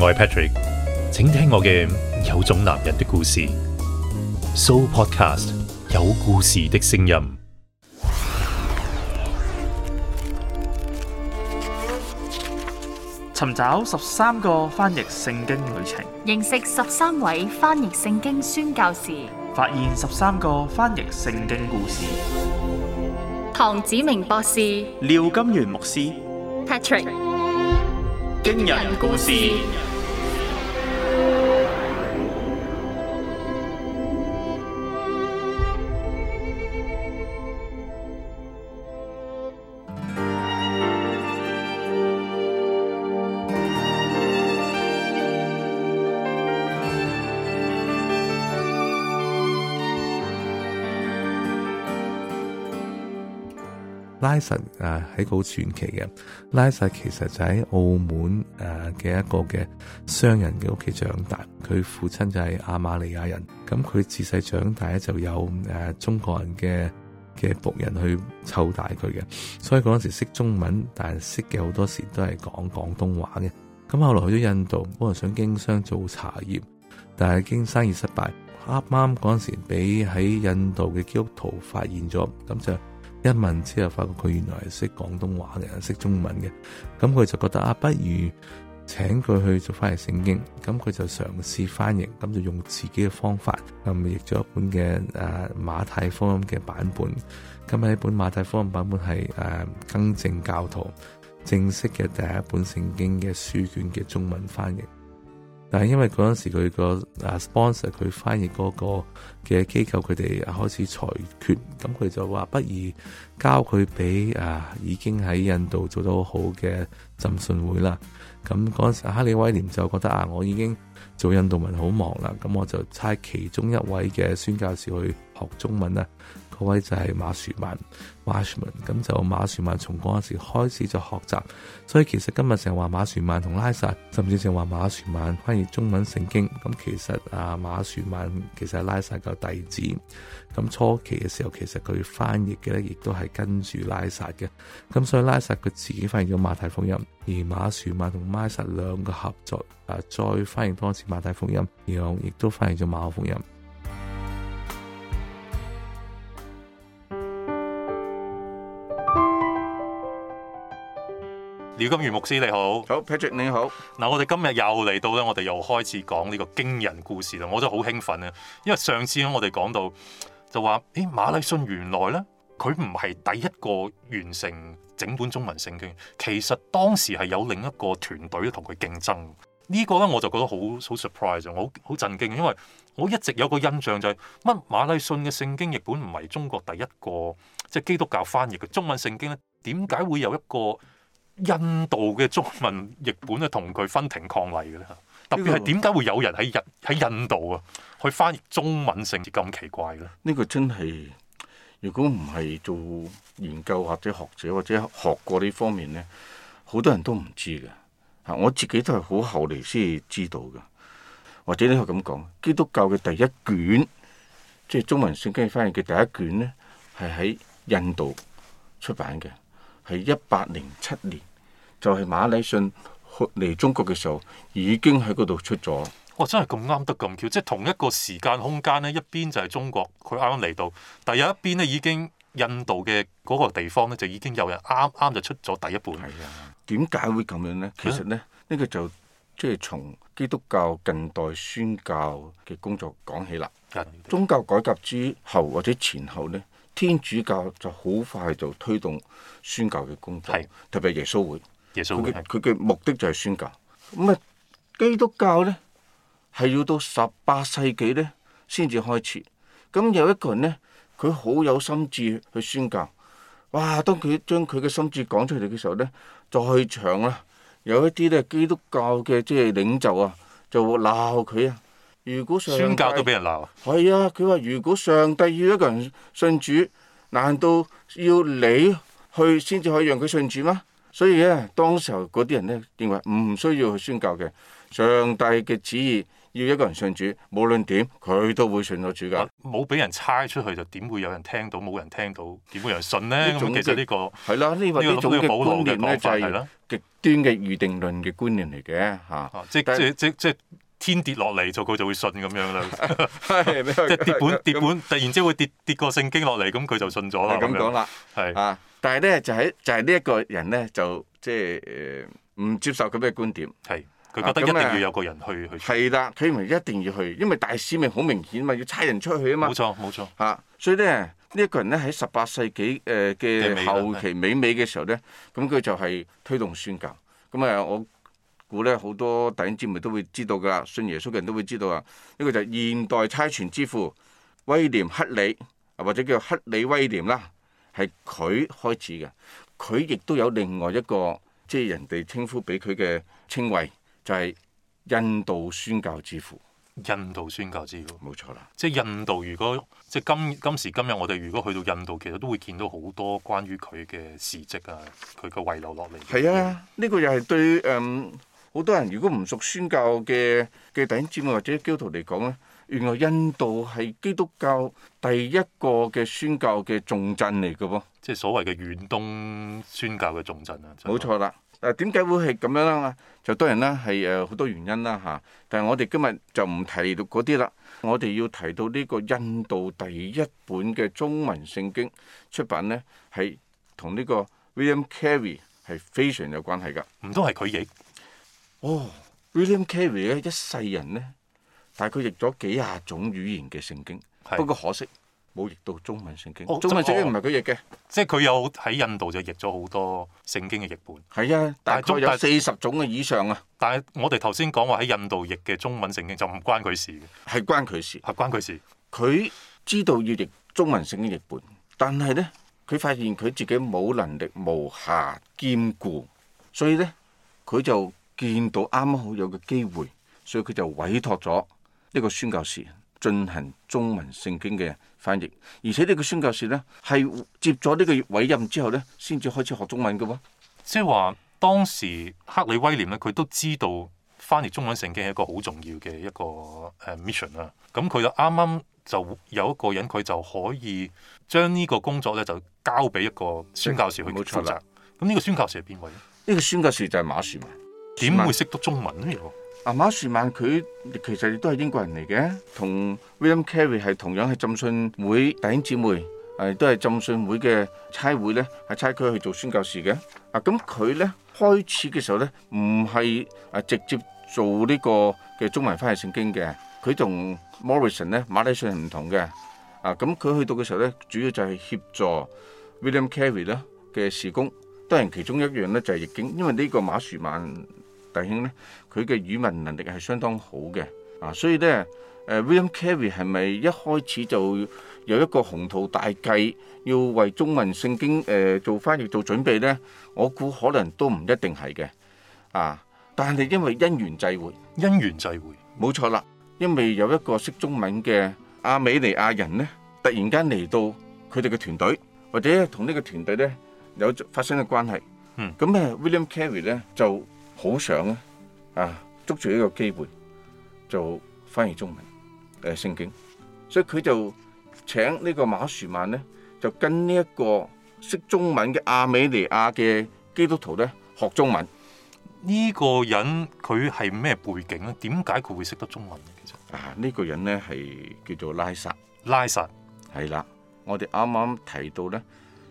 我係 Patrick，請聽我嘅有種男人的故事。So Podcast 有故事的聲音，尋找十三個翻譯聖經旅程，認識十三位翻譯聖經宣教士，發現十三個翻譯聖經故事。唐子明博士、廖金元牧師、Patrick，驚人故事。拉什啊，喺個好傳奇嘅。拉什其實就喺澳門誒嘅一個嘅商人嘅屋企長大，佢父親就係阿馬利亞人，咁佢自細長大咧就有誒中國人嘅嘅僕人去湊大佢嘅，所以嗰陣時識中文，但係識嘅好多時都係講廣東話嘅。咁後來去咗印度，本來想經商做茶葉，但係經生意失敗，啱啱嗰陣時俾喺印度嘅基督徒發現咗，咁就。一問之後，發覺佢原來係識廣東話嘅，識中文嘅，咁佢就覺得啊，不如請佢去做翻譯聖經，咁佢就嘗試翻譯，咁就用自己嘅方法，咁、嗯、譯咗一本嘅誒、啊、馬太福音嘅版本。今日呢本馬太福音版本係誒、啊、更正教徒正式嘅第一本聖經嘅書卷嘅中文翻譯。但係因為嗰陣時佢個啊 sponsor 佢翻譯嗰個嘅機構佢哋開始裁決，咁佢就話不如交佢俾啊已經喺印度做得好好嘅浸信會啦。咁嗰陣時哈利威廉就覺得啊，我已經做印度文好忙啦，咁我就差其中一位嘅宣教士去學中文啦。嗰位就係馬樹曼，Marshman 咁就馬樹曼從嗰陣時開始就學習，所以其實今日成日話馬樹曼同拉薩，甚至成日話馬樹曼翻譯中文聖經，咁其實啊馬樹曼其實係拉薩嘅弟子，咁初期嘅時候其實佢翻譯嘅咧亦都係跟住拉薩嘅，咁所以拉薩佢自己翻譯咗馬太福音，而馬樹曼同拉薩兩個合作啊再翻譯多次馬太福音，然後亦都翻譯咗馬可福音。廖金源牧師你好，好 Patrick 你好。嗱、啊，我哋今日又嚟到咧，我哋又開始講呢個驚人故事啦！我真係好興奮啊，因為上次我哋講到就話，誒馬禮遜原來咧佢唔係第一個完成整本中文聖經，其實當時係有另一個團隊同佢競爭。這個、呢個咧我就覺得好好 surprise 啊，我好震驚，因為我一直有個印象就係乜馬禮遜嘅聖經譯本唔係中國第一個即係、就是、基督教翻譯嘅中文聖經咧，點解會有一個？印度嘅中文譯本咧，同佢分庭抗禮嘅啦。特別係點解會有人喺日喺印度啊，去翻譯中文聖經咁奇怪嘅咧？呢個真係，如果唔係做研究或者學者或者學過呢方面咧，好多人都唔知嘅。嚇，我自己都係好後嚟先至知道嘅。或者呢個咁講，基督教嘅第一卷，即係中文聖經翻譯嘅第一卷咧，係喺印度出版嘅。係一八零七年，就係、是、馬禮遜去嚟中國嘅時候，已經喺嗰度出咗。哇、哦！真係咁啱得咁巧，即係同一個時間空間咧，一邊就係中國，佢啱啱嚟到，但有一邊咧已經印度嘅嗰個地方咧，就已經有人啱啱就出咗第一本。係啊，點解會咁樣咧？其實咧，呢的個就即係、就是、從基督教近代宣教嘅工作講起啦。的宗教改革之後或者前後咧？天主教就好快就推動宣教嘅工作，是特別係耶穌會。耶穌會佢嘅目的就係宣教。咁啊，基督教咧係要到十八世紀咧先至開始。咁有一個人咧，佢好有心志去宣教。哇！當佢將佢嘅心志講出嚟嘅時候咧，再長啦，有一啲咧基督教嘅即係領袖啊，就會鬧佢啊。如果上宣教都俾人鬧，係啊！佢話：如果上帝要一個人信主，難道要你去先至可以讓佢信主嗎？所以咧，當時候嗰啲人咧認為唔需要去宣教嘅，上帝嘅旨意要一個人信主，無論點佢都會信咗主噶。冇俾人猜出去就點會有人聽到？冇人聽到點會有人信咧？咁其實呢個係啦，呢個呢個總嘅講嘅係極端嘅預定論嘅觀念嚟嘅嚇。即即即即。天跌落嚟，就佢就會信咁樣啦，即 係跌本跌本，突然之間會跌跌個聖經落嚟，咁佢就信咗啦。咁講啦，係係、啊。但係咧，就喺、係、就係呢一個人咧，就即係誒唔接受咁嘅觀點。係，佢覺得一定要有個人去、啊、去。係啦，佢唔一定要去，因為大使命好明顯嘛，要差人出去啊嘛。冇錯，冇錯。嚇、啊，所以咧呢一、呢個人咧喺十八世紀誒嘅後期尾尾嘅時候咧，咁佢就係推動宣教。咁啊，我。故咧好多弟兄姊妹都會知道噶，信耶穌嘅人都會知道啊。呢、呢個就係現代差傳之父威廉克里，或者叫克里威廉啦，係佢開始嘅。佢亦都有另外一個即係人哋稱呼俾佢嘅稱謂，就係、是、印度宣教之父。印度宣教之父，冇錯啦。即係印度，如果即係今今時今日，我哋如果去到印度，其實都會見到好多關於佢嘅事蹟啊，佢嘅遺留落嚟。係、嗯、啊，呢個又係對誒。好多人如果唔熟宣教嘅嘅頂尖或者基督徒嚟講咧，原來印度係基督教第一個嘅宣教嘅重鎮嚟嘅喎，即係所謂嘅遠東宣教嘅重鎮啊。冇錯啦，誒點解會係咁樣咧？就當然啦，係誒好多原因啦嚇。但係我哋今日就唔提到嗰啲啦，我哋要提到呢個印度第一本嘅中文聖經出品，咧，係同呢個 William Carey 係非常有關係㗎，唔通係佢譯。哦，William Carey 咧一世人咧，但係佢譯咗幾廿種語言嘅聖經，是不過可惜冇譯到中文聖經。哦，中文聖經唔係佢譯嘅，即係佢有喺印度就譯咗好多聖經嘅譯本。係啊，大概有四十種嘅以上啊。但係我哋頭先講話喺印度譯嘅中文聖經就唔關佢事嘅，係關佢事，係關佢事。佢知道要譯中文聖經譯本，但係咧佢發現佢自己冇能力無暇兼顧，所以咧佢就，見到啱啱好有個機會，所以佢就委託咗呢個宣教士進行中文聖經嘅翻譯，而且呢個宣教士咧係接咗呢個委任之後咧，先至開始學中文嘅喎。即係話當時克里威廉咧，佢都知道翻譯中文聖經係一個好重要嘅一個誒 mission 啦、啊。咁佢就啱啱就有一個人，佢就可以將呢個工作咧就交俾一個宣教士去負責。咁呢個宣教士係邊位咧？呢個宣教士就係馬士曼。點會識得中文咧？又啊，馬樹曼佢其實亦都係英國人嚟嘅，同 William Carey 係同樣係浸信會弟兄姊妹，係都係浸信會嘅差會咧，喺差區去做宣教士嘅。啊，咁佢咧開始嘅時候咧，唔係啊直接做呢個嘅中文翻譯聖經嘅。佢同 Morrison 咧，馬禮遜係唔同嘅。啊，咁佢去到嘅時候咧，主要就係協助 William Carey 咧嘅事工。當然其中一樣咧就係譯經，因為呢個馬樹曼。大兄咧，佢嘅語文能力係相當好嘅啊，所以咧，誒、呃、William Carey 係咪一開始就有一個宏圖大計，要為中文聖經誒、呃、做翻譯做準備咧？我估可能都唔一定係嘅啊，但係因為因緣際會，因緣際會冇錯啦，因為有一個識中文嘅亞美尼亞人咧，突然間嚟到佢哋嘅團隊，或者同呢個團隊咧有發生嘅關係，嗯，咁咧 William Carey 咧就。好想咧，啊，捉住呢個機會就翻譯中文，誒、呃、聖經，所以佢就請呢個馬樹曼咧，就跟呢一個識中文嘅亞美尼亞嘅基督徒咧學中文。呢個人佢係咩背景咧？點解佢會識得中文嘅？其實啊，呢、這個人咧係叫做拉薩，拉薩係啦，我哋啱啱提到咧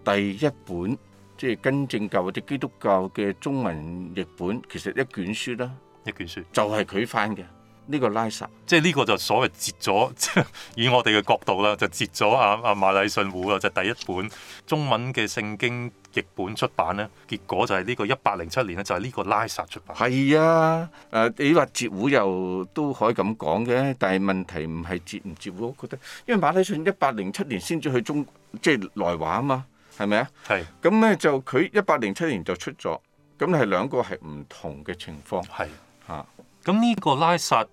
第一本。即係跟正教或者基督教嘅中文譯本，其實一卷書啦，一卷書就係佢翻嘅呢、這個拉撒。即係呢個就所謂截咗，即係以我哋嘅角度啦，就截咗阿阿馬禮遜胡啊，啊就是、第一本中文嘅聖經譯本出版咧。結果就係呢個一八零七年咧，就係、是、呢個拉撒出版。係啊，誒、呃、你話截胡又都可以咁講嘅，但係問題唔係截唔截胡，我覺得因為馬禮遜一八零七年先至去中，即係來華啊嘛。係咪啊？係咁咧，是就佢一八零七年就出咗，咁係兩個係唔同嘅情況。係嚇咁呢個拉薩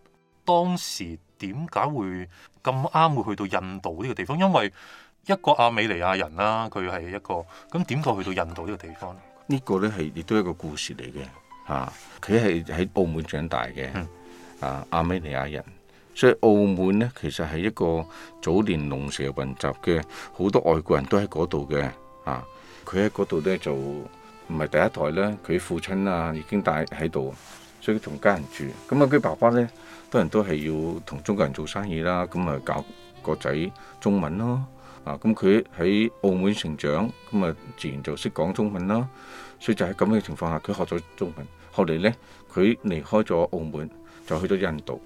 當時點解會咁啱會去到印度呢個地方？因為一個亞美尼亞人啦、啊，佢係一個咁點解去到印度呢個地方呢？個呢個咧係亦都係一個故事嚟嘅嚇。佢係喺澳門長大嘅、嗯、啊，亞美尼亞人，所以澳門咧其實係一個早年龍蛇混雜嘅好多外國人都喺嗰度嘅。啊！佢喺嗰度咧就唔係第一代咧，佢父親啊已經帶喺度，所以同家人住。咁啊，佢爸爸咧，當然都人都係要同中國人做生意啦，咁啊教個仔中文咯。啊，咁佢喺澳門成長，咁啊自然就識講中文啦。所以就喺咁嘅情況下，佢學咗中文。後嚟咧，佢離開咗澳門，就去咗印度。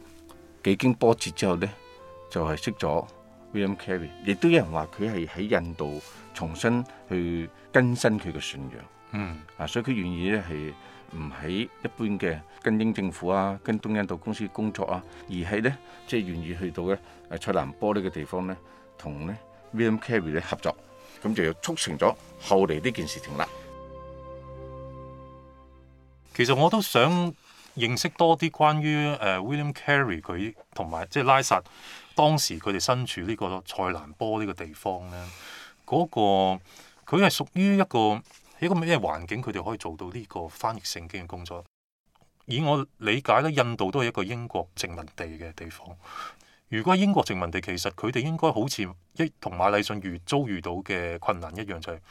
幾經波折之後咧，就係識咗。William Carey 亦都有人話佢係喺印度重新去更新佢嘅信仰，嗯啊，所以佢願意咧係唔喺一般嘅跟英政府啊、跟東印度公司工作啊，而係咧即係願意去到咧、呃、塞蘭波呢個地方咧，同咧 William Carey 咧合作，咁就促成咗後嚟呢件事情啦。其實我都想認識多啲關於誒、呃、William Carey 佢同埋即、就、係、是、拉薩。當時佢哋身處呢個塞蘭波呢個地方咧，嗰、那個佢係屬於一個一個咩環境，佢哋可以做到呢個翻譯聖經嘅工作。以我理解咧，印度都係一個英國殖民地嘅地方。如果係英國殖民地，其實佢哋應該好似一同馬禮信遇遭遇到嘅困難一樣，就係、是、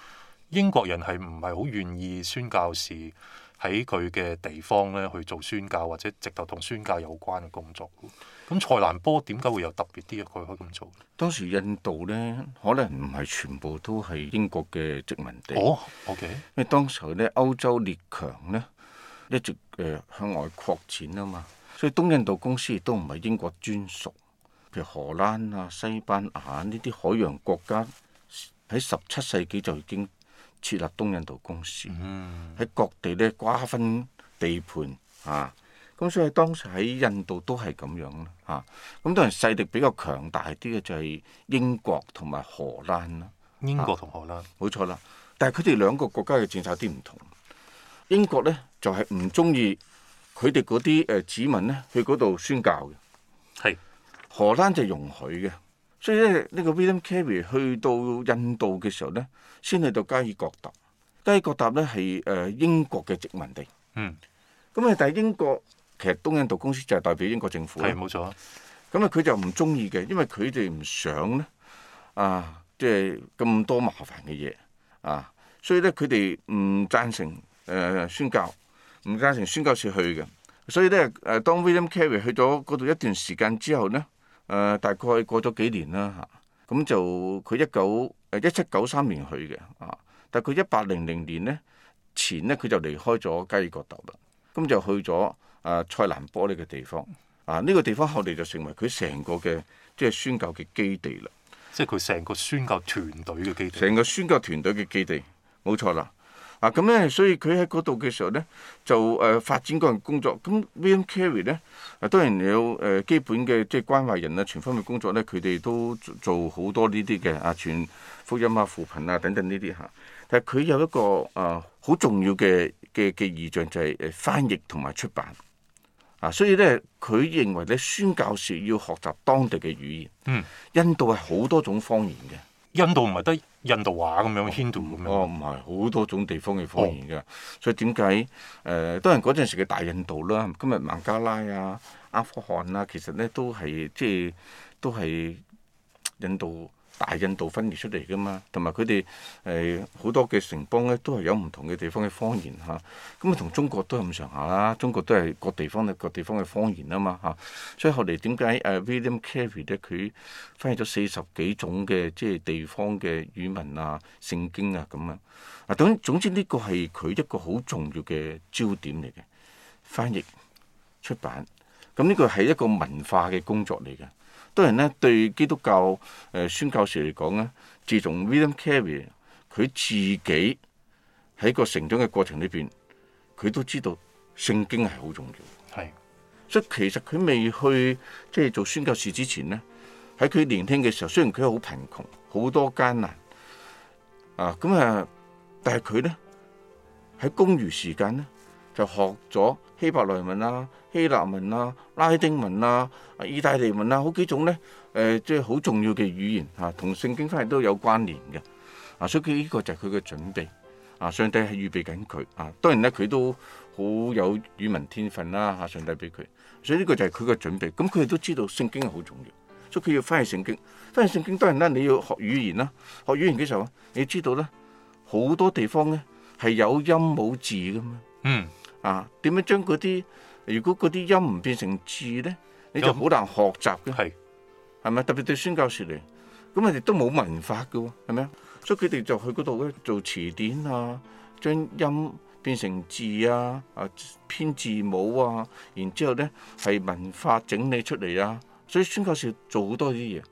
英國人係唔係好願意宣教士，喺佢嘅地方咧去做宣教或者直頭同宣教有關嘅工作。咁塞蘭坡點解會有特別啲嘅佢可以咁做？當時印度咧可能唔係全部都係英國嘅殖民地。哦、oh，OK。因為當時候咧歐洲列強咧一直誒、呃、向外擴展啊嘛，所以東印度公司亦都唔係英國專屬。譬如荷蘭啊、西班牙呢啲海洋國家喺十七世紀就已經設立東印度公司喺、嗯、各地咧瓜分地盤啊！咁所以當時喺印度都係咁樣啦啊！咁當然勢力比較強大啲嘅就係英國同埋荷蘭啦。英國同荷蘭，冇錯、啊、啦。但係佢哋兩個國家嘅政策有啲唔同。英國咧就係唔中意佢哋嗰啲誒子民咧去嗰度宣教嘅，係。荷蘭就容許嘅。所以咧，呢個 William Carey 去到印度嘅時候咧，先去到加爾各答。加爾各答咧係誒英國嘅殖民地。嗯。咁啊，但係英國其實東印度公司就係代表英國政府嘅。係，冇錯。咁啊，佢、嗯、就唔中意嘅，因為佢哋唔想咧，啊，即係咁多麻煩嘅嘢啊。所以咧，佢哋唔贊成誒、呃、宣教，唔贊成宣教士去嘅。所以咧，誒、啊、當 William Carey 去咗嗰度一段時間之後咧。誒大概過咗幾年啦嚇，咁就佢一九誒一七九三年去嘅啊，但佢一八零零年咧前咧佢就離開咗基爾角頭啦，咁就去咗誒塞蘭波呢個地方啊，呢個地方後嚟就成為佢成個嘅即係宣教嘅基地啦，即係佢成個宣教團隊嘅基地。成個宣教團隊嘅基地，冇錯啦。啊，咁、嗯、咧，所以佢喺嗰度嘅時候咧，就誒、呃、發展個人工作。咁 William Carey 咧，啊當然有誒基本嘅即係關懷人啊，全方位工作咧，佢哋都做好多呢啲嘅啊，傳福音啊、扶貧啊等等呢啲嚇。但係佢有一個啊好、呃、重要嘅嘅嘅異象就係誒翻譯同埋出版。啊，所以咧，佢認為咧，宣教士要學習當地嘅語言。印度係好多種方言嘅。印度唔係得印度話咁樣 Hindi 咁樣。哦、oh，唔係好多種地方嘅方言㗎，oh。所以點解誒？當然嗰陣時嘅大印度啦，今日孟加拉啊、阿富汗啊，其實咧都係即係都係印度。大印度分裂出嚟噶嘛，同埋佢哋誒好多嘅城邦咧，都係有唔同嘅地方嘅方言嚇。咁啊，同中國都係咁上下啦，中國都係各地方嘅各地方嘅方言啊嘛嚇。所以後嚟點解誒 William Carey 咧，佢翻譯咗四十幾種嘅即係地方嘅語文啊、聖經啊咁樣。嗱、啊、總總之呢個係佢一個好重要嘅焦點嚟嘅，翻譯出版。咁呢個係一個文化嘅工作嚟嘅。多人咧對基督教誒、呃、宣教士嚟講咧，自從 William Carey 佢自己喺個成長嘅過程裏邊，佢都知道聖經係好重要。係是，所以其實佢未去即係做宣教士之前咧，喺佢年輕嘅時候，雖然佢好貧窮，好多艱難啊，咁啊，但係佢咧喺公餘時間咧就學咗。希伯來文啊、希臘文啊、拉丁文啊、意大利文啊，好幾種咧。誒，即係好重要嘅語言嚇，同聖經反而都有關聯嘅。啊，所以佢呢個就係佢嘅準備。啊，上帝係預備緊佢。啊，當然咧，佢都好有語文天分啦。嚇，上帝俾佢，所以呢個就係佢嘅準備。咁佢哋都知道聖經係好重要，所以佢要翻去聖經翻譯聖經。翻譯聖經當然啦，你要學語言啦，學語言幾受啊？你知道咧，好多地方咧係有音冇字嘅嘛。嗯。啊，點樣將嗰啲如果嗰啲音唔變成字咧，你就好難學習嘅，係咪？嗯、特別對宣教士嚟，咁佢哋都冇文化嘅喎，係咪啊？所以佢哋就去嗰度咧做詞典啊，將音變成字啊，啊編字母啊，然之後咧係文化整理出嚟啊，所以宣教士做好多啲嘢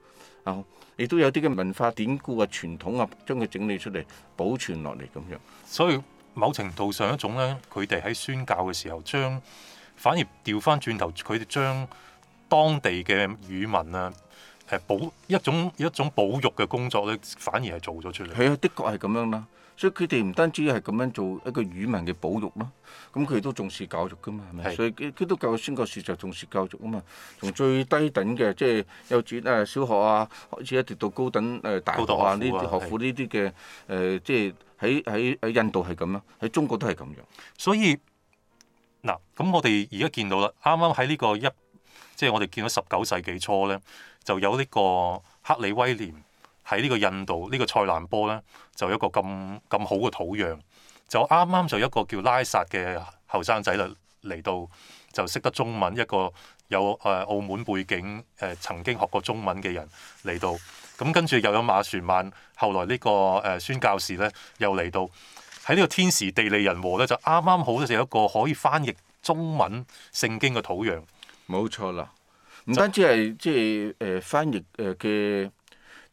啊，亦都有啲嘅文化典故啊、傳統啊，將佢整理出嚟保存落嚟咁樣，所以。某程度上一種咧，佢哋喺宣教嘅時候將，將反而調翻轉頭，佢哋將當地嘅語文啊，誒、呃、保一種一種保育嘅工作咧，反而係做咗出嚟。係啊，的確係咁樣啦。所以佢哋唔單止係咁樣做一個語文嘅保育咯，咁佢哋都重視教育噶嘛，係咪？是所以基督教先嗰時就重視教育啊嘛，從最低等嘅即係幼稚、啊小學啊開始，一直到高等誒大學啊呢啲學府呢啲嘅誒，即係喺喺喺印度係咁啊，喺中國都係咁樣。所以嗱，咁我哋而家見到啦，啱啱喺呢個一，即係我哋見到十九世紀初咧，就有呢個克里威廉。喺呢個印度呢、這個塞蘭波咧，就有一個咁咁好嘅土壤，就啱啱就一個叫拉薩嘅後生仔啦嚟到，就識得中文，一個有誒澳門背景誒、呃、曾經學過中文嘅人嚟到，咁、嗯、跟住又有馬船曼，後來呢、這個誒、呃、宣教士咧又嚟到，喺呢個天時地利人和咧就啱啱好就有一個可以翻譯中文聖經嘅土壤。冇錯啦，唔單止係即係誒翻譯誒嘅。呃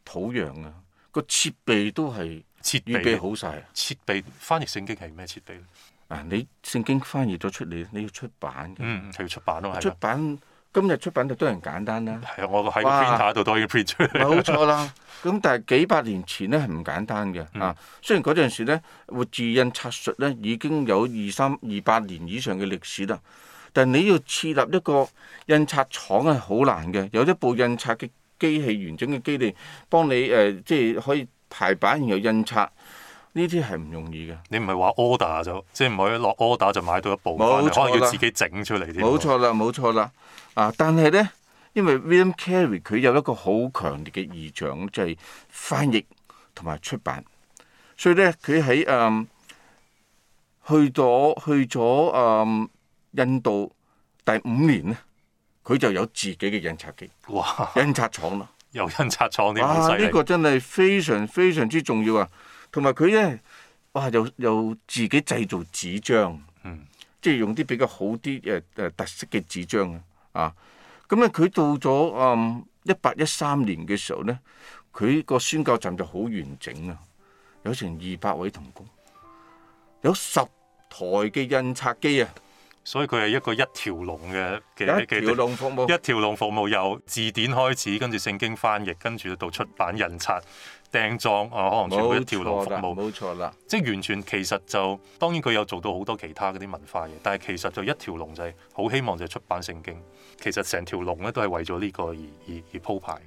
土壤啊，這個設備都係設備預備好晒。設備，設備翻譯聖經係咩設備咧？啊，你聖經翻譯咗出嚟，你要出版嘅，嗯，係要出版咯。出版的今日出版就當然簡單啦。係啊，我喺 printer 度當然 print 出冇錯啦。咁但係幾百年前咧係唔簡單嘅、嗯、啊。雖然嗰陣時咧活字印刷術咧已經有二三二百年以上嘅歷史啦，但係你要設立一個印刷廠係好難嘅。有一部印刷機。機器完整嘅機器幫你誒、呃，即係可以排版然後印刷，呢啲係唔容易嘅。你唔係話 order 就，即係唔可以落 order 就買到一部返嚟，可能要自己整出嚟。冇錯啦，冇錯啦。啊，但係咧，因為 William Carey 佢有一個好強烈嘅異象，就係、是、翻譯同埋出版。所以咧，佢喺誒去咗去咗誒、嗯、印度第五年咧。佢就有自己嘅印刷機，哇！印刷廠啦，有印刷廠呢個，啊，真係非常非常之重要啊。同埋佢咧，哇！又又自己製造紙張，嗯、即係用啲比較好啲誒誒特色嘅紙張啊。咁、嗯、啊，佢到咗誒一八一三年嘅時候咧，佢個宣教站就好完整啊，有成二百位同工，有十台嘅印刷機啊。所以佢係一個一條龍嘅嘅一條龍服務，一條龍服務由字典開始，跟住聖經翻譯，跟住到出版印刷訂裝啊，可能全部一條龍服務，冇錯啦，錯即係完全其實就當然佢有做到好多其他嗰啲文化嘢，但係其實就一條龍就係、是、好希望就係出版聖經，其實成條龍咧都係為咗呢個而而而鋪排嘅。誒、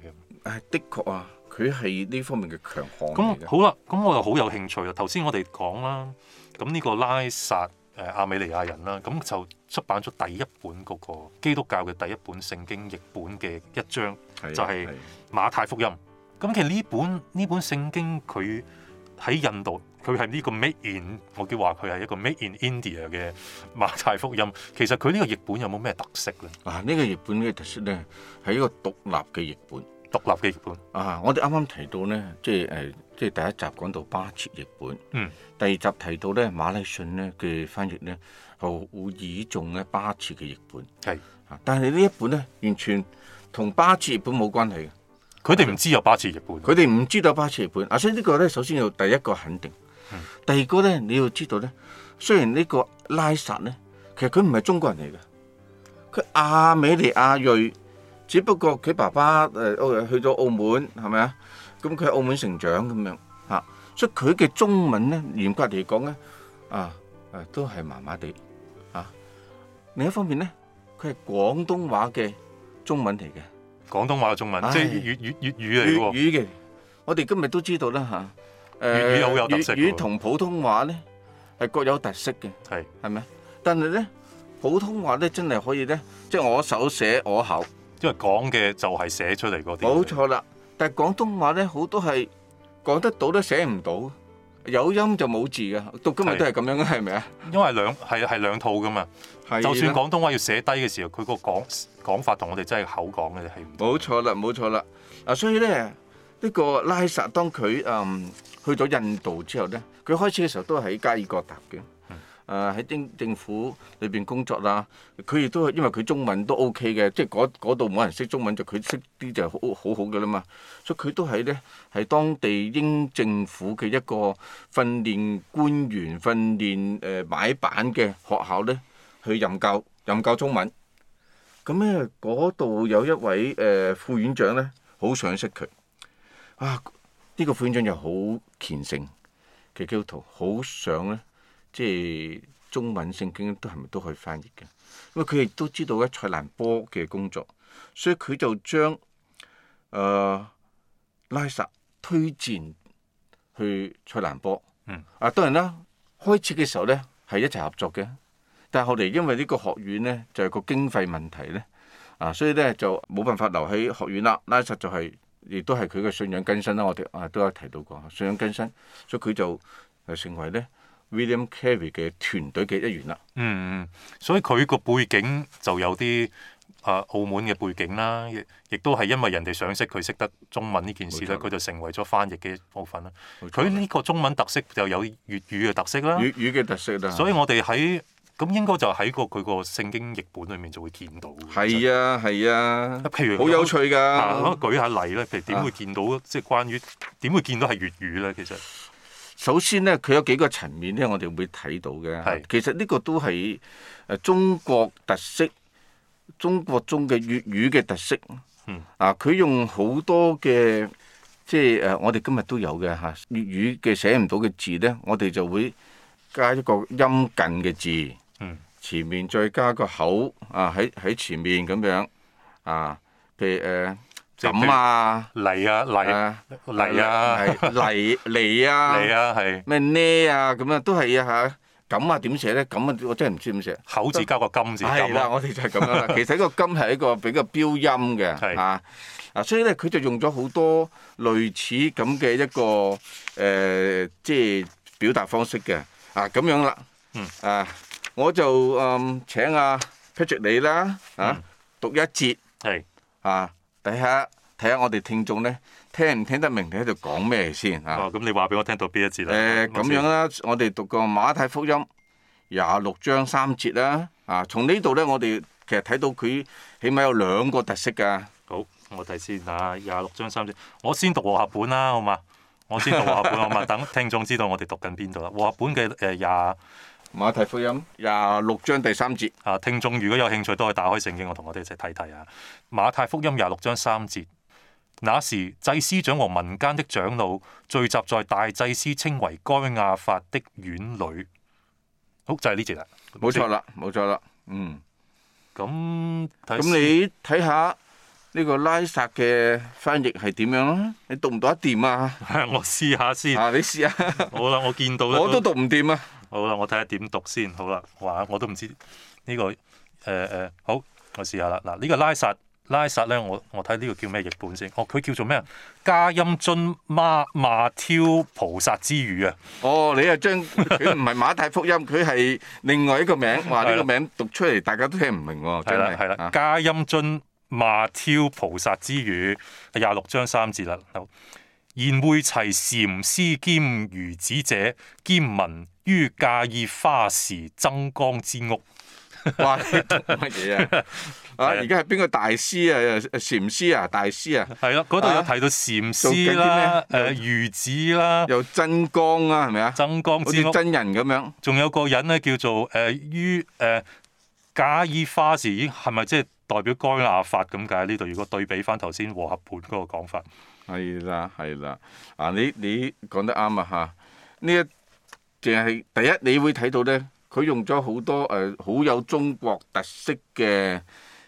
哎，的確啊，佢係呢方面嘅強項嚟嘅。咁好啦，咁我又好有興趣啊。頭先我哋講啦，咁呢個拉薩。誒、阿美尼亞人啦，咁就出版咗第一本嗰個基督教嘅第一本聖經譯本嘅一章，就係、是、馬太福音。咁其實呢本呢本聖經佢喺印度，佢係呢個 made in，我叫話佢係一個 made in India 嘅馬太福音。其實佢呢個譯本有冇咩特色咧？嗱、啊，呢、這個譯本嘅特色咧，係一個獨立嘅譯本。獨立嘅譯本啊！我哋啱啱提到咧，即係誒、呃，即係第一集講到巴切譯本，嗯，第二集提到咧馬禮遜咧嘅翻譯咧，好倚重咧巴切嘅譯本，係是，但係呢一本咧完全同巴切譯本冇關係嘅，佢哋唔知有巴切譯本，佢哋唔知道巴切譯本啊！所以個呢個咧，首先要第一個肯定，嗯、第二個咧，你要知道咧，雖然呢個拉撒咧，其實佢唔係中國人嚟嘅，佢亞美尼亞裔，裔。只不過佢爸爸誒，去去咗澳門，係咪啊？咁佢喺澳門成長咁樣嚇，所以佢嘅中文咧嚴格嚟講咧啊誒都係麻麻地啊。另一方面咧，佢係廣東話嘅中文嚟嘅。廣東話嘅中文即係粵粵粵語嚟嘅。粵語嘅，我哋今日都知道啦嚇。粵語好有特色。粵語同普通話咧係各有特色嘅，係係咪啊？但係咧，普通話咧真係可以咧，即係我手寫我口。因為講嘅就係寫出嚟嗰啲，冇錯啦。但係廣東話咧，好多係講得到都寫唔到，有音就冇字嘅。到今日都係咁樣，係咪啊？吧因為兩係係兩套㗎嘛，是的 就算廣東話要寫低嘅時候，佢個講講法我講同我哋真係口講嘅係唔。冇錯啦，冇錯啦。啊，所以咧呢、這個拉薩當佢誒、嗯、去咗印度之後咧，佢開始嘅時候都係喺加爾各答嘅。誒喺英政府裏邊工作啦，佢亦都係因為佢中文都 OK 嘅，即係嗰嗰度冇人識中文就佢識啲就好好好嘅啦嘛。所以佢都係咧係當地英政府嘅一個訓練官員、訓練誒買辦嘅學校咧，去任教任教中文。咁咧嗰度有一位誒、呃、副院長咧，好賞識佢。啊！呢、呢個副院長又好虔誠嘅基督徒，好賞。咧。即係中文聖經都係咪都可以翻譯嘅？因為佢哋都知道咧，蔡蘭波嘅工作，所以佢就將誒、呃、拉薩推薦去蔡蘭波。嗯。啊，當然啦，開始嘅時候咧係一齊合作嘅，但係後嚟因為呢個學院咧就係個經費問題咧啊，所以咧就冇辦法留喺學院啦。拉薩就係、是、亦都係佢嘅信仰更新啦。我哋啊都有提到過信仰更新，所以佢就誒成為咧。William Carey 嘅團隊嘅一員啦。嗯嗯，所以佢個背景就有啲啊、呃、澳門嘅背景啦，亦亦都係因為人哋想識佢識得中文呢件事咧，佢就成為咗翻譯嘅一部分啦。佢呢個中文特色就有粵語嘅特色啦。粵語嘅特色啦。所以我哋喺咁應該就喺個佢個聖經譯本裡面就會見到。係啊係啊。譬如好有趣㗎。啊，我舉下例咧，譬如點會見到即係關於點會見到係粵語咧？其實。首先咧，佢有幾個層面咧，我哋會睇到嘅。其實呢個都係誒中國特色，中國中嘅粵語嘅特色。嗯、啊！佢用好多嘅，即係誒，我哋今日都有嘅嚇，粵語嘅寫唔到嘅字咧，我哋就會加一個音近嘅字。嗯、前面再加個口啊，喺喺前面咁樣啊，譬如誒。呃咁啊，啊！嚟啊！嚟嚟啊！嚟嚟 啊！嚟啊！係咩呢啊？咁啊都係啊嚇！咁啊點寫咧？咁啊我真係唔知點寫。嗯、口字加個金字。係啦、嗯，我哋就係咁啦。其實個金係一個比較標音嘅嚇啊，yeah, 所以咧佢就用咗好多類似咁嘅一個誒，即、呃、係、即係、表達方式嘅啊，咁樣啦。啊，我就誒請阿 Patrick 你啦嚇讀一節係是啊。啊睇下，睇下我哋聽眾咧聽唔聽得明你喺度講咩先啊？咁、哦、你話俾我聽到邊一節啦？誒、呃，咁樣啦，我哋讀個馬太福音廿六章三節啦。啊，從呢度咧，我哋其實睇到佢起碼有兩個特色㗎。好，我睇先嚇、啊，廿六章三節，我先讀和合本啦、啊，好嘛？我先讀和合本，好嘛？ 等聽眾知道我哋讀緊邊度啦。和合本嘅誒廿。呃馬太福音廿六章第三節啊，聽眾如果有興趣都可以打開聖經，我同我哋一齊睇睇啊。馬太福音廿六章三節，那時祭司長和民間的長老聚集在大祭司稱為該亞法的院裏。好，就係呢節啦。冇錯啦，冇錯啦。嗯，咁咁你睇下呢個拉薩嘅翻譯係點樣啦？你讀唔讀得掂啊？ 我試下先。啊，你試下。 好啦，我見到啦。我都讀唔掂啊！好啦，我睇下點讀先。好啦，我我都唔知呢、這個誒誒、呃呃、好，我試下啦。嗱，呢個拉薩拉薩咧，我我睇呢個叫咩譯本先？哦，佢叫做咩？嘉音尊馬馬挑菩薩之語啊！哦，你又將佢唔係馬太福音，佢係 另外一個名。哇！呢、這個名讀出嚟大家都聽唔明喎。係啦，係啦、啊，嘉音尊馬挑菩薩之語廿六章三字啦。好，言會齊禪師兼愚子者兼文。於假意花時增光之屋， 哇！乜嘢啊？啊！而家係邊個大師啊？禪、啊、師啊？大師啊？係咯，嗰度有提到禪師啦、啊，誒魚、啊、子啦、啊，又增光啊，係咪啊？增光之真人咁樣。仲有個人咧，叫做誒、呃、於誒假意花時，係咪即係代表該納法咁解、啊？呢度如果對比翻頭先和合本嗰個講法，係啦係啦。啊，你你講得啱啊！嚇，呢一淨係第一，你會睇到咧，佢用咗好多誒好、呃、有中國特色嘅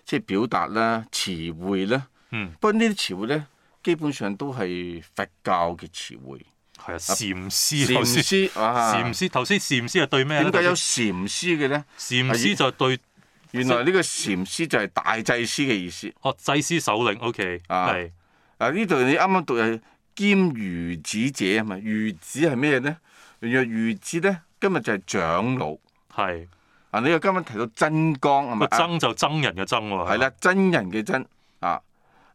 即係表達啦、詞彙啦。嗯，不過呢啲詞彙咧，基本上都係佛教嘅詞彙。係啊，禪師頭先。禪師啊。禪師頭先，禪師係對咩啊？點解有禪師嘅咧？禪師就對原來呢個禪師就係大祭司嘅意思。哦，祭司首領，OK 啊。係啊，呢度你啱啱讀係兼儒子者啊嘛？儒子係咩咧？若若預知咧，今日就係長老。係啊，你又今日提到真光，個真就真人嘅真喎，啊。係啦，啊，真人嘅真啊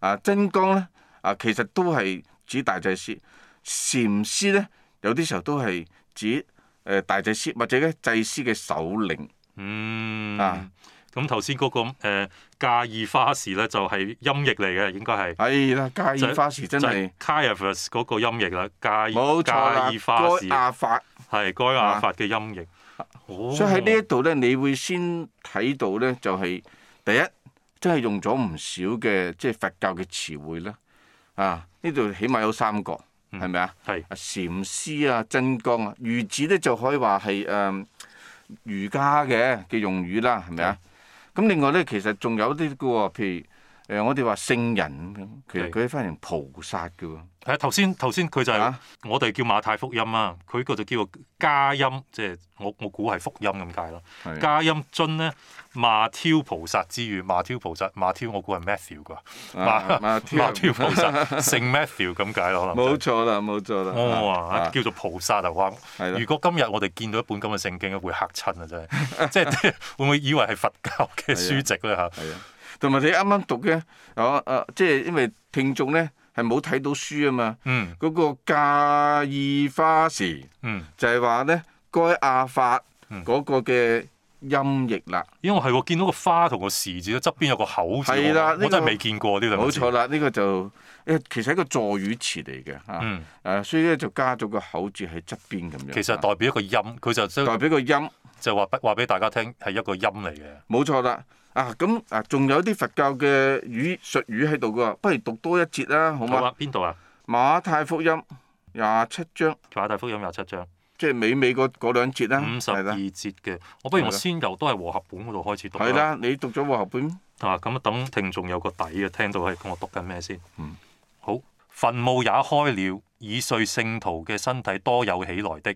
啊，真光咧啊，其實都係指大祭司。禪師咧，有啲時候都係指誒大祭司，或者咧祭司嘅首領。嗯啊。咁頭先嗰個誒迦爾花樹咧，就係音譯嚟嘅，應該係係啦。迦爾花樹真係 Caiaphas 嗰個音譯啦。迦爾迦爾花樹。冇錯啦。該亞法係該亞法嘅音譯。所以喺呢一度咧，你會先睇到咧，就係第一，真係用咗唔少嘅即係佛教嘅詞彙啦。啊，呢度起碼有三個，係咪啊？係啊，禪師啊，真光啊，如子咧就可以話係誒儒家嘅嘅用語啦，係咪啊？咁另外咧，其實仲有啲噶喎，譬如。誒，我哋話聖人咁樣，其實佢翻成菩薩嘅喎。係啊，頭先頭先佢就係我哋叫馬太福音啊，佢個就叫嘉音，即係我我估係福音咁解咯。嘉音尊咧，馬挑菩薩之語，馬挑菩薩，馬挑我估係 Matthew 啩，馬馬挑菩薩，聖 Matthew 咁解咯。冇錯啦，冇錯啦。哇，叫做菩薩啊！哇，如果今日我哋見到一本咁嘅聖經，會嚇親啊！真係，即係會唔會以為係佛教嘅書籍咧嚇？同埋你啱啱讀嘅，啊、喔、啊、呃，即係因為聽眾咧係冇睇到書啊嘛，嗰、嗯嗰個嫁意花時，嗯、就係話咧該阿法嗰個嘅音譯啦。因為係喎，見到個花同個時字咧側邊有個口字，我真係未見過呢兩個。冇錯啦，呢個就誒其實係一個助語詞嚟嘅嚇，誒、啊嗯、所以咧就加咗個口字喺側邊咁樣。其實代表一個音，佢就代表一個音，就話話俾大家聽係一個音嚟嘅。冇錯啦。啊，咁啊，仲有啲佛教嘅語術語喺度噶，不如讀多一節啦，好冇？邊度啊，啊？馬太福音廿七章，馬太福音廿七章，即係美美個嗰兩節啦，啊。五十二節嘅，的我不如我先由的都係和合本嗰度開始讀啦。啦的，你讀咗和合本。合本啊，咁啊，等聽眾有個底啊，聽到係我讀緊咩先？嗯，好，墳墓也開了，已睡聖徒嘅身體多有起來的。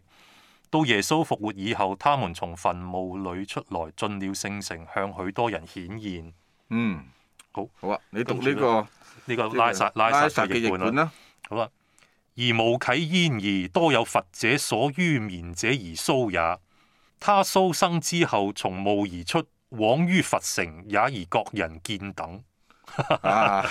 到耶穌復活以後，他們從墳墓裏出來，進了聖城，向許多人顯現。嗯，好，好啊。你讀呢個呢個拉撒拉撒嘅譯本啦。好啊。而無啓焉而多有佛者所於眠者而蘇也。他蘇生之後，從墓而出，往於佛城，也而各人見等。啊！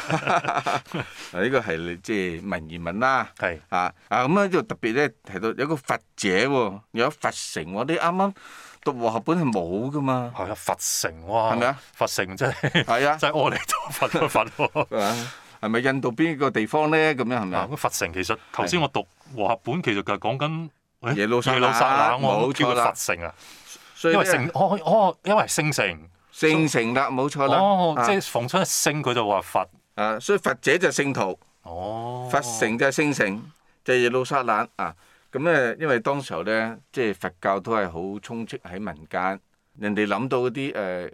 嗱，呢個係即係文言文啦。係啊，啊，咁咧，就特別咧，提到有個佛者喎，有佛城喎。你啱啱讀和合本係冇噶嘛？係啊，佛城哇！係咪啊？佛城真係，係啊，真係阿彌陀佛個佛喎。係咪印度邊個地方咧？咁樣係咪啊？佛城，其實頭先我讀和合本，其實就係講緊耶路撒冷啦，冇錯啦。我好中意佛城啊。因為聖，哦，哦，因為聖城。聖城啦，冇錯啦。哦，即係逢親係聖，佢就話佛啊，所以佛者就聖徒。哦。佛城就係聖城，就係、耶路撒冷啊。咁咧，因為當時候咧，即係佛教都係好充斥喺民間，人哋諗到嗰啲誒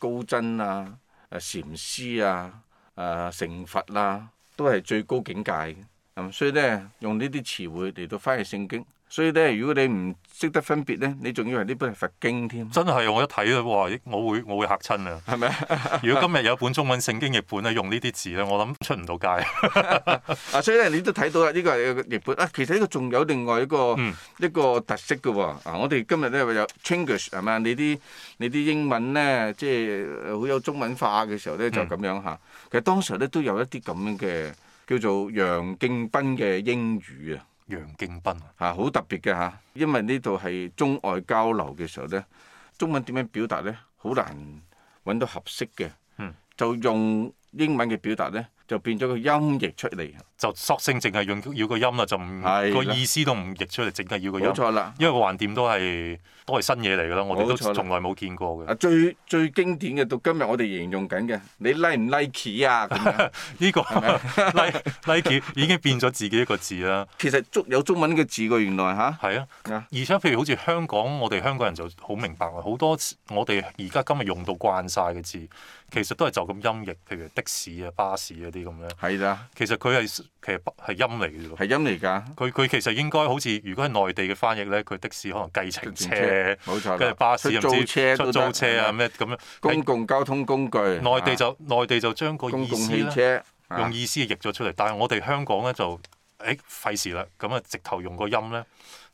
高僧啊、誒禪師啊、誒、呃、成佛啊，都係最高境界嘅。咁、啊、所以咧，用呢啲詞彙嚟到翻譯聖經。所以咧，如果你唔識得分別咧，你仲以為呢本係佛經添？真係，我一睇咧，哇！我會我會嚇親啊！係咪不？ 如果今日有一本中文聖經譯本咧，用呢啲字咧，我諗出唔到街。 啊，所以咧，你都睇到啦，呢、呢個係個譯本啊。其實呢個仲有另外一個、嗯、一個特色嘅喎、哦。啊，我哋今日咧有 Chinglish 係咪啊？你啲你啲英文咧，即係好有中文化嘅時候咧，就咁、是、樣下。嗯、其實當時咧都有一啲咁樣嘅叫做楊敬斌嘅英語啊。楊敬斌啊，好特別嘅嚇、啊，因為呢度係中外交流嘅時候咧，中文點樣表達咧，好難揾到合適嘅，嗯、就用英文嘅表達咧，就變咗個音譯出嚟。就索性淨係用要個音啦，就唔係個的意思都唔譯出嚟，淨係要個音。冇錯啦，因為橫掂都係都係新嘢嚟㗎啦，我哋都從來冇見過嘅。最最經典嘅到今日我哋形容緊嘅，你 like 唔 like n 啊？呢、 這個是不是 like Nike 已經變咗自己一個字啦。其實中有中文嘅字㗎，原來嚇。係啊，而且譬如好似香港，我哋香港人就好明白好多我哋而家今日用到慣晒嘅字，其實都係就咁音譯，譬如的士啊、巴士嗰啲咁樣。係啦的，其實佢係。其實係音嚟嘅喎，係音嚟㗎。佢佢其實應該好似，如果係內地嘅翻譯咧，佢的士可能計程車，跟住巴士唔知出租車啊咩咁樣？公共交通工具。內地就內地就將個意思用意思嚟譯咗出嚟。但係我哋香港咧就，誒費事啦，咁啊直頭用個音咧，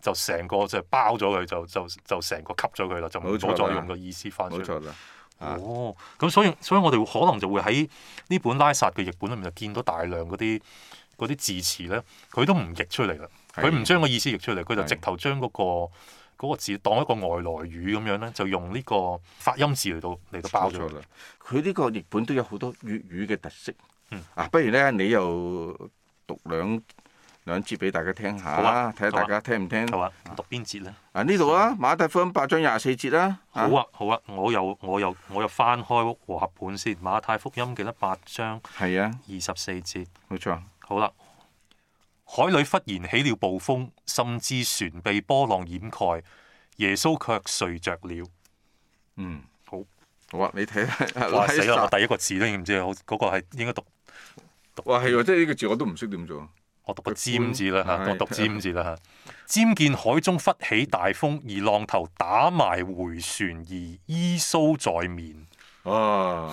就成個就包咗佢，就就就成個吸咗佢啦，就冇再用個意思翻出嚟。哦，咁所以所以我哋可能就會喺呢本拉薩嘅譯本裏面就見到大量嗰啲。嗰啲字詞咧，佢都唔譯出嚟啦。佢唔將個意思譯出嚟，佢就直頭將嗰個嗰個字當一個外來語咁樣咧，就用呢個發音字嚟到嚟到包咗啦。佢呢個譯本都有好多粵語嘅特色。嗯啊，不如咧，你又讀兩兩節俾大家聽下，睇下、啊、大家聽唔聽？好啊，讀邊節咧？啊，呢度啊，《馬太福音》八章廿四節啦。好啊，好啊，我又我又我又我又我又翻開和合本先，《馬太福音》記得八章係啊，二十四節。冇錯。好啦，海裏忽然起了暴風，甚至船被波浪掩蓋，耶穌卻睡着了。嗯，好，好啊，你睇，哇死啦，我第一個字你知唔知？知，好，那個，嗰個係應該讀，讀哇係，即係呢個字我都唔識點做，我讀個尖字啦吓，我讀尖字啦吓， 尖見海中忽起大風，而浪頭打埋回旋，而伊穌在眠。哦，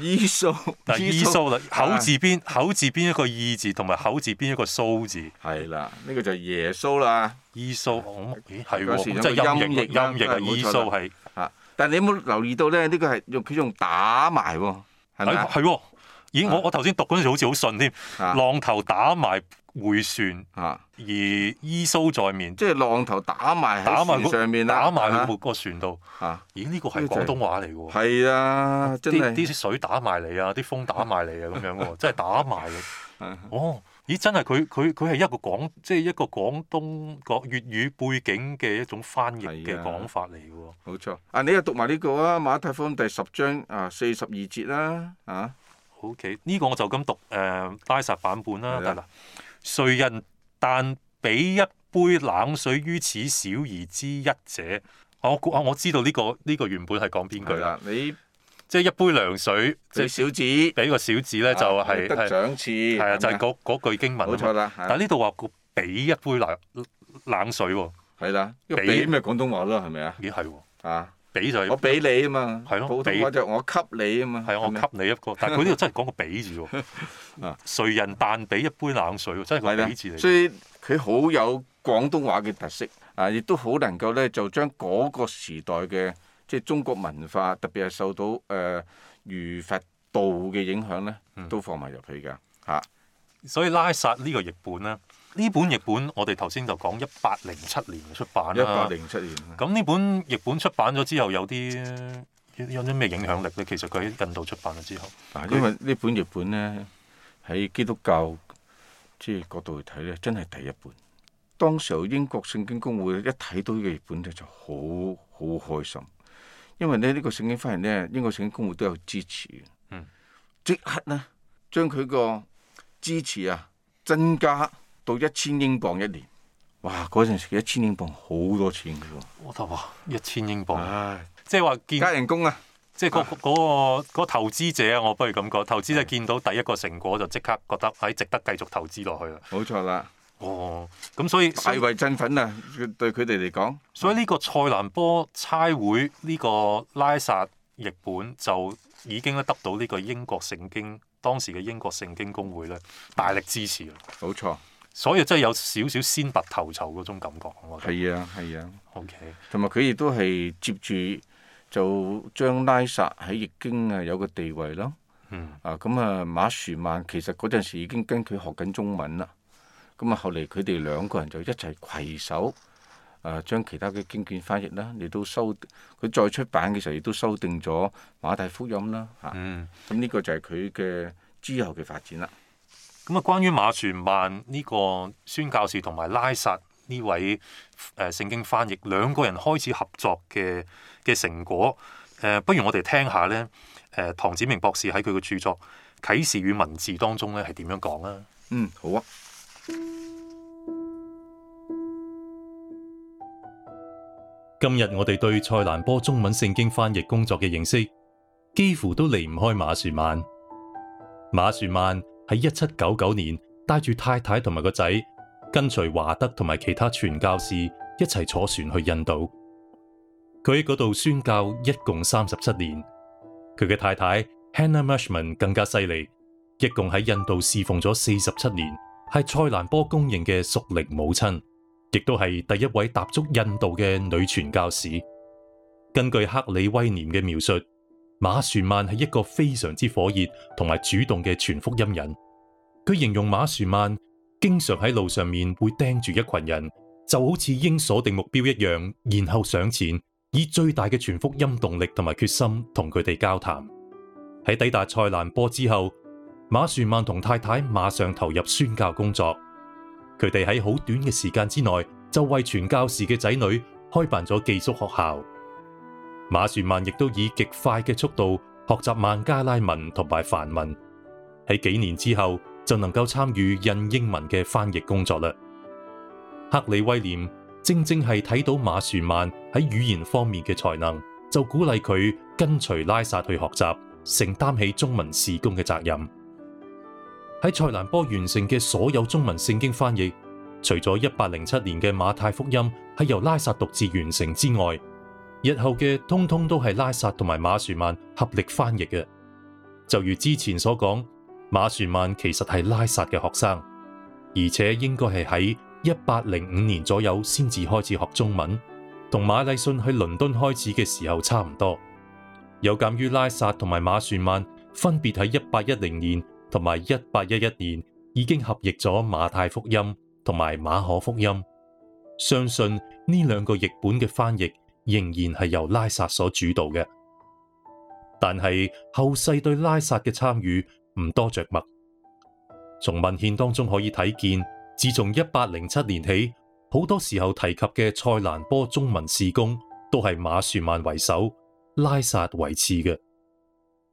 耶穌，但係耶穌啦， 素口字邊，啊、口字邊一個義字，同埋口字邊一個蘇字，係、這個、啦，呢個就係耶穌啦。耶、哦、穌，咦，係喎咦，即係音譯，音譯嘅耶穌係。嚇，但係你有冇留意到咧？呢、這個係用佢仲打埋喎、啊，係係喎。咦！我我頭先讀嗰陣時好似好順添，浪頭打埋回旋，而衣蘇在面，即係浪頭打埋喺上面打埋喺個船度。啊、咦？呢個係廣東話嚟㗎喎。係啊，真係啲水打埋你啊，啲風打埋你啊，咁樣喎，即係打埋。 哦，咦！真係佢佢佢係一個廣即係一個廣東個粵語背景嘅一種翻譯嘅講法嚟㗎喎。冇錯啊，啊！你又讀埋呢、這個啊，《馬太福音》第十章啊，四十二節啦，啊。好嘅，呢個我就咁讀誒拉撒版本啦。係啦，誰人但俾一杯冷水於此小兒之一者？我我我知道呢個呢個原本係講邊句啦？你即係一杯涼水，即係小子，俾個小子咧就係得係啊，就係嗰句經文。冇錯，但呢度話個俾一杯冷冷水喎。係啦，俾咩廣東話咯，係咪啊？你係喎啊！俾就是，我俾你啊嘛，的普通話就我給你啊嘛。係啊，我給你一個，但佢呢啲真係講個俾字喎。 誰人但俾一杯冷水喎？真係個俾字嚟。所以佢好有廣東話嘅特色，啊，亦都好能夠咧就將嗰個時代嘅即係中國文化，特別係受到誒儒佛道嘅影響咧，都放埋入去㗎嚇、啊嗯。所以拉薩呢個譯本咧。呢本譯本，本我哋頭先就講一八零七年出版啦。一八零七年。咁呢本譯本出版咗之，之後，有啲有啲咩影響力咧？其實佢喺印度出版咗之後，因為本本呢本譯本咧喺基督教即係角度嚟睇咧，真係第一本。當時候英國聖經公會一睇到呢個譯本咧，就好好開心，因為咧呢、這個聖經翻譯咧，英國聖經公會都有支持。嗯。即刻咧，將佢個支持啊增加。到一千英鎊一年，哇！嗰陣時一千英鎊好多錢嘅喎，我得喎一千英鎊，即係話加人工啊！即係嗰嗰個嗰、啊嗰個嗰個、投資者啊，我不如咁講，投資者見到第一個成果就即刻覺得係值得繼續投資落去啦。冇錯啦，哦咁所以大為振奮啊！對佢哋嚟講，所以呢個塞蘭波差會呢、呢個拉薩譯本就已經咧得到呢個英國聖經當時嘅英國聖經公會咧大力支持啦。冇錯。所以真係有少少先拔頭籌嗰種感覺，我覺得。係啊，係啊。O K。同埋佢亦都係接住就將拉薩喺《易經》啊有個地位咯、嗯啊嗯。啊，咁啊，馬殊曼其實嗰陣時已經跟佢學緊中文啦。咁啊，後嚟佢哋兩個人就一齊攜手，誒、啊，將其他嘅經卷翻譯啦，亦都收。佢再出版嘅時候，亦都修訂咗《馬太福音》啦、啊嗯啊。嗯。咁、嗯、呢個就係佢嘅之後嘅發展啦。咁啊，關於馬殊曼呢個宣教士同埋拉撒呢位誒、呃、聖經翻譯，兩個人開始合作嘅嘅成果，誒、呃，不如我哋聽下咧。誒、呃，唐子明博士喺佢嘅著作《啟示與文字》當中咧，係點樣講啊？嗯，好啊。今日我哋對蔡蘭波中文聖經翻譯工作嘅認識，幾乎都離唔開馬殊曼。馬殊曼。喺一七九九年，帶住太太同埋個仔，跟隨華德同埋其他傳教士一齊坐船去印度。佢喺嗰度宣教一共三十七年。佢嘅太太 Hannah Marshman 更加犀利，一共喺印度侍奉咗四十七年，係塞蘭波公認嘅屬靈母親，亦都係第一位踏足印度嘅女傳教士。根據克里威廉嘅描述，馬殊曼係一個非常之火熱同埋主動嘅傳福音人，佢形容馬殊曼經常喺路上面會盯住一群人，就好似鷹鎖定目標一樣，然後上前以最大嘅傳福音動力同埋決心同佢哋交談。喺抵達塞蘭波之後，馬殊曼同太太馬上投入宣教工作，佢哋喺好短嘅時間之內就為傳教士嘅仔女開辦咗寄宿學校。馬殊曼亦都以極快嘅速度學習孟加拉文同埋梵文，喺幾年之後就能夠參與印英文嘅翻譯工作啦。克里威廉正正係睇到馬殊曼喺語言方面嘅才能，就鼓勵佢跟隨拉薩去學習，承擔起中文事工嘅責任。喺塞蘭波完成嘅所有中文聖經翻譯，除咗一八零七年嘅馬太福音係由拉薩獨自完成之外。日後嘅通通都係拉薩同埋馬殊曼合力翻譯嘅。就如之前所講，馬殊曼其實係拉薩嘅學生，而且應該係喺一八零五年左右先至開始學中文，同馬禮遜去倫敦開始嘅時候差唔多。有鑒於拉薩同埋馬殊曼分別喺一八一零年同埋一八一一年已經合譯咗馬太福音同埋馬可福音，相信呢兩個譯本嘅翻譯。仍然係由拉薩所主導嘅，但係後世對拉薩嘅參與唔多著墨。從文獻當中可以睇見，自從一八零七年起，好多時候提及嘅塞蘭波中文事工都係馬樹曼為首，拉薩為次嘅。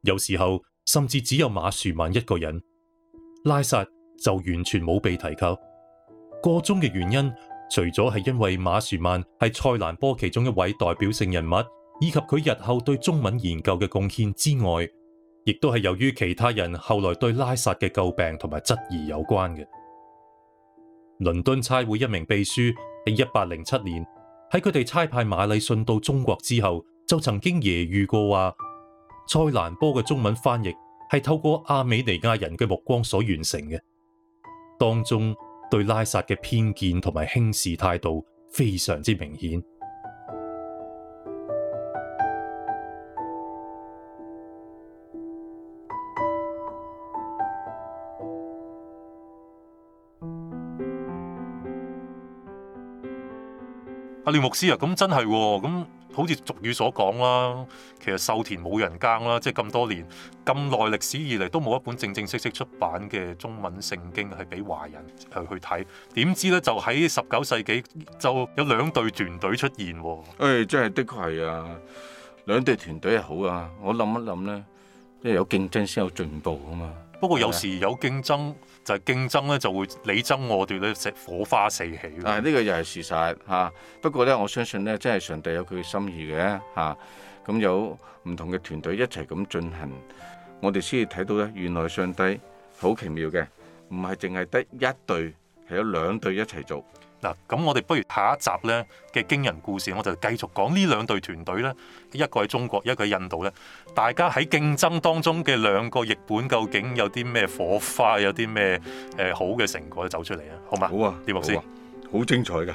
有時候甚至只有馬樹曼一個人，拉薩就完全冇被提及。個中嘅原因。除咗係因為馬樹曼係塞蘭波其中一位代表性人物，以及佢日後對中文研究嘅貢獻之外，亦都係由於其他人後來對拉薩嘅詬病同埋質疑有關嘅。倫敦差會一名秘書喺一八零七年喺佢哋差派馬禮遜到中國之後，就曾經揶揄過話：塞蘭波嘅中文翻譯係透過阿美尼亞人嘅目光所完成嘅，當中。對拉薩嘅偏見同埋輕視態度非常之明顯。阿列、啊、牧師啊，咁真係喎、啊，咁。好似俗語所講啦，其實瘦田冇人耕啦，即係咁多年咁耐歷史以嚟都冇一本正正式式出版嘅中文聖經係俾華人去去睇。點知呢？就喺十九世紀就有兩隊團隊出現。誒、哎，真係的，的確係啊，兩隊團隊係好啊。我諗一諗呢，即係有競爭先有進步啊嘛。不過有時有競爭的就係競爭咧，就會你爭我奪咧，即火花四起。呢、啊呢個又係事實嚇、啊。不過咧，我相信咧，真係上帝有佢嘅心意嘅嚇。咁、啊、有唔同嘅團隊一齊咁進行，我哋先至睇到咧，原來上帝好奇妙嘅，唔係淨係得一隊，係有兩隊一齊做。嗱，咁我哋不如下一集呢嘅驚人故事，我就繼續講呢兩隊團隊呢，一個喺中國，一個喺印度咧，大家喺競爭當中嘅兩個譯本究竟有啲咩火花，有啲咩誒好嘅成果走出嚟啊？好嘛？好啊，點先、啊？好精彩嘅。